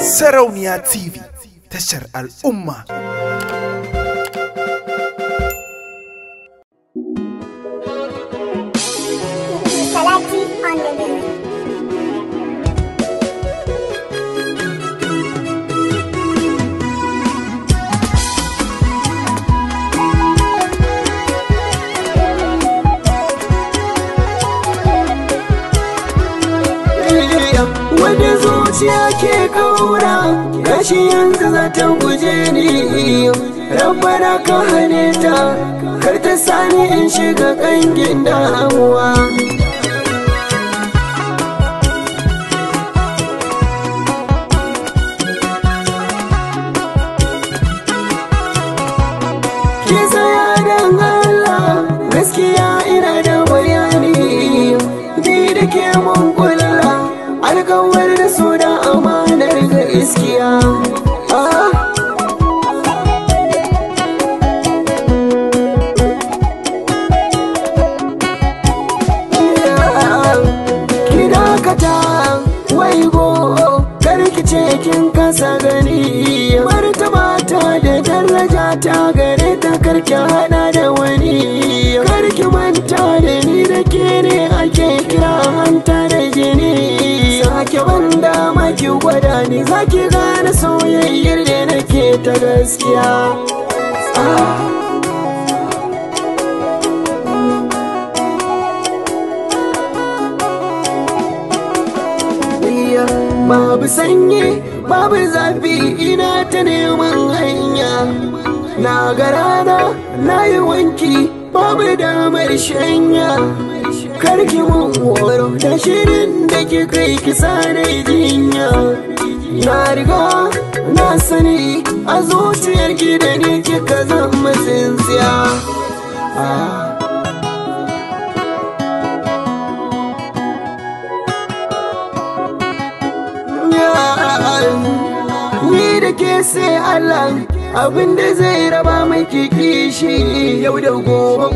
سرونيا تي في تشر الأمة zuciya ke kaura gashi yanzu za ta guje ni rabbana ka hane ta kar ta sani in shiga kangin damuwa Yes, Ah. ce kin kasa gani martaba ta da daraja ta gare ta karki hada da wani karki manta da ni da ke ne ni za ki gane soyayyar da nake ta gaskiya Babu sanyi, babu zafi ina ta neman hanya Na ga rana, na yi wanki, babu damar shanya karki mun woro da shirin da ke kai ki sare jinya na riga na sani a zuciyar ki da ni kika zama tsintsiya Ni da ke sai Allah abinda zai raba mai kikishi yau da gobe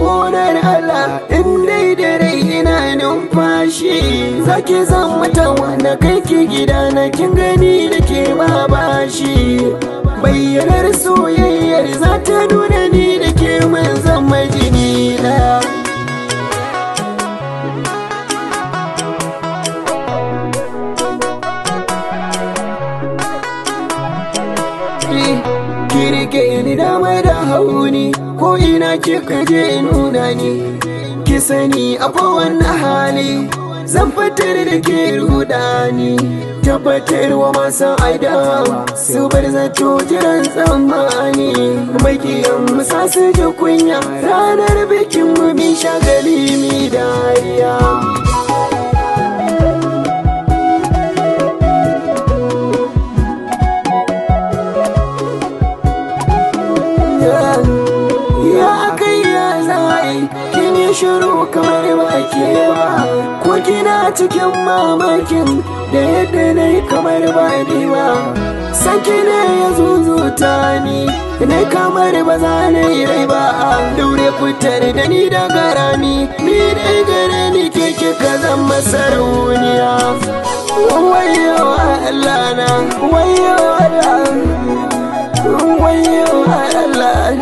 zaki zan mata wanda kai ki gida na kin gani da ke ba bashi bayyanar soyayyar za ta nuna ni da ke mun zan majini na Kirke ni dama da hauni ko ina kika je nuna ni ki sani a wannan hali zan fitar da ke rudani tabbatarwa masu aidawa su bar zato jiran tsammani makiyan musa su ji kunya ranar bikin mu bi shagali mi da shiru kamar ba ke ba ko kina cikin mamakin da yadda na yi kamar ba ni ne ya zuzuta ni na kamar ba za na yi rai ba a daure fitar da ni daga rami ni dai gare ni ke kika zan masarauniya wayo Allah na wayo Allah wayo Allah